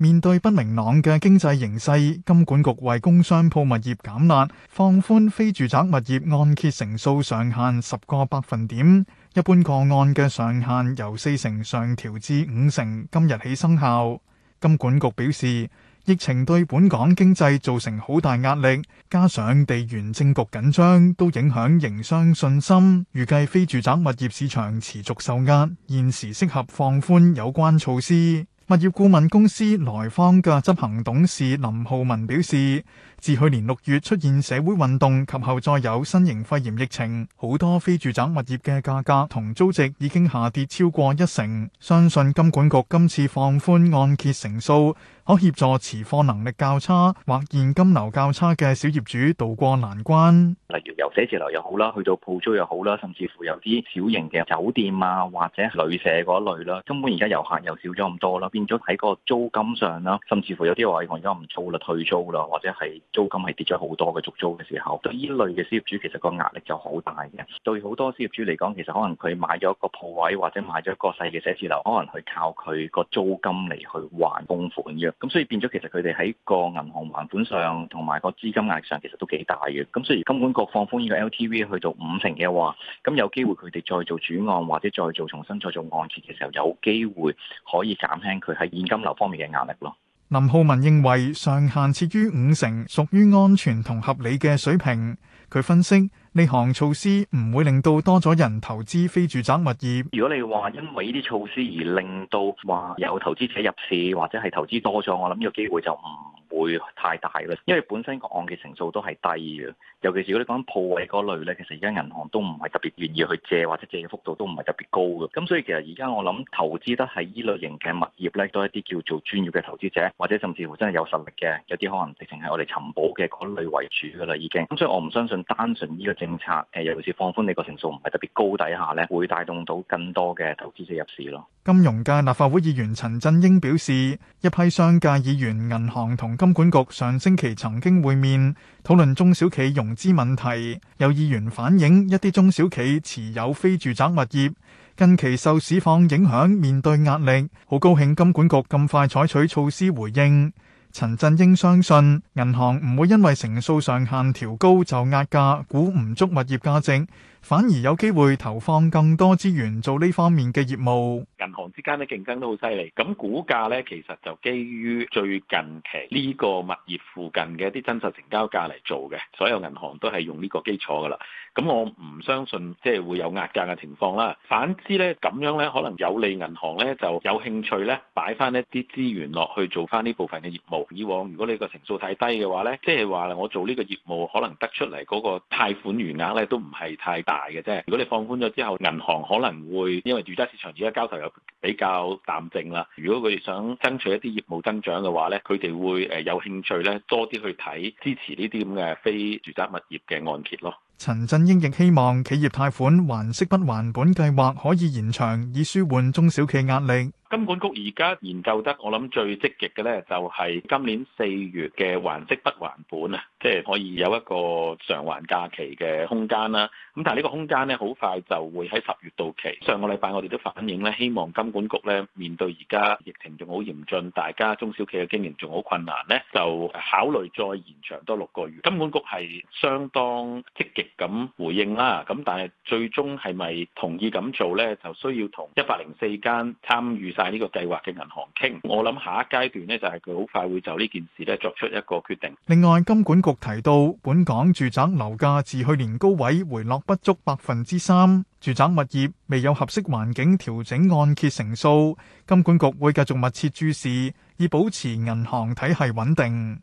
面對不明朗嘅經濟形勢，金管局為工商鋪物業減壓，放寬非住宅物業按揭成數上限十個百分點，一般個案嘅上限由四成上調至五成，今日起生效。金管局表示，疫情對本港經濟造成好大壓力，加上地緣政局緊張，都影響營商信心，預計非住宅物業市場持續受壓，現時適合放寬有關措施。物業顧問公司萊坊嘅執行董事林浩文表示，自去年六月出現社會運動，及後再有新型肺炎疫情，好多非住宅物業嘅價格同租值已經下跌超過一成，相信金管局今次放寬按揭成數，可協助持貨能力較差或現金流較差嘅小業主渡過難關。例如由寫字樓又好啦，去到鋪租又好啦，甚至乎有啲小型嘅酒店啊或者旅社嗰一類啦。根本而家遊客又少咗咁多啦，變咗喺個租金上啦，甚至乎有啲話我而家唔租啦，退租啦，或者係租金係跌咗好多嘅續租嘅時候，對呢類嘅小業主其實個壓力就好大嘅。對好多小業主嚟講，其實可能佢買咗一個鋪位或者買咗一個細嘅寫字樓，可能去靠佢個租金嚟去還供款嘅。咁所以變咗，其實佢哋喺個銀行還款上，同埋個資金壓力上，其實都幾大嘅。咁所以根本個放寬呢個 LTV 去到五成嘅話，咁有機會佢哋再做轉按，或者再做重新再做按揭嘅時候，有機會可以減輕佢喺現金流方面嘅壓力咯。林浩文認為上限設於五成屬於安全同合理嘅水平。佢分析呢項措施唔會令到多咗人投資非住宅物業。如果你話因為呢啲措施而令到話有投資者入市，或者係投資多咗，我諗呢個機會就唔。會太大啦，因為本身個案嘅成數都係低嘅，尤其是如果你講鋪位嗰類咧，其實而家銀行都唔係特別願意去借，或者借嘅幅度都唔係特別高嘅。咁所以其實而家我諗投資得係呢類型嘅物業咧，都係一啲叫做專業嘅投資者，或者甚至乎真係有實力嘅，有啲可能直情係我哋尋寶嘅嗰類為主噶啦，已經。咁所以我唔相信單純呢個政策，誒尤其是放寬你個成數唔係特別高底下咧，會帶動到更多嘅投資者入市咯。金融界立法會議員陳振英表示，一批商界議員、銀行同金管局上星期曾經會面，討論中小企融資問題。有議員反映，一啲中小企持有非住宅物業，近期受市況影響面對壓力。好高興金管局咁快採取措施回應。陳振英相信，銀行唔會因為成數上限調高就壓價，估唔足物業價值。反而有機會投放更多資源做呢方面嘅業務。銀行之間嘅競爭都好犀利，咁估價咧其實就基於最近期呢個物業附近嘅一啲真實成交價嚟做嘅。所有銀行都係用呢個基礎㗎喇。咁我唔相信即係會有壓價嘅情況啦。反之咧，咁樣咧可能有利銀行咧就有興趣咧擺返一啲資源落去做返呢部分嘅業務。以往如果你個成數太低嘅話咧，即係話我做呢個業務可能得出嚟嗰個貸款餘額咧都唔係太大嘅啫，如果你放寬咗之後銀行可能會因為住宅市場而家交投又比較淡靜啦。如果佢哋想爭取一啲業務增長嘅話咧，佢哋會誒，有興趣咧多啲去睇支持呢啲咁嘅非住宅物業嘅按揭咯。陳振英亦希望企業貸款還息不還本計劃可以延長，以舒緩中小企壓力。金管局而家研究得，我諗最積極嘅咧，就係今年四月嘅還息不還本啊，即係可以有一個償還假期嘅空間啦。咁但係呢個空間咧，好快就會喺十月到期。上個禮拜我哋都反映咧，希望金管局咧面對而家疫情仲好嚴峻，大家中小企嘅經營仲好困難咧，就考慮再延長多六個月。金管局係相當積極咁回應啦。咁但係最終係咪同意咁做咧，就需要同一百零四間參與。但呢個計劃嘅銀行傾，我諗下一階段咧就係佢好快會就呢件事咧作出一個決定。另外，金管局提到，本港住宅樓價自去年高位回落不足百分之三，住宅物業未有合適環境調整按揭成數，金管局會繼續密切注視，以保持銀行體系穩定。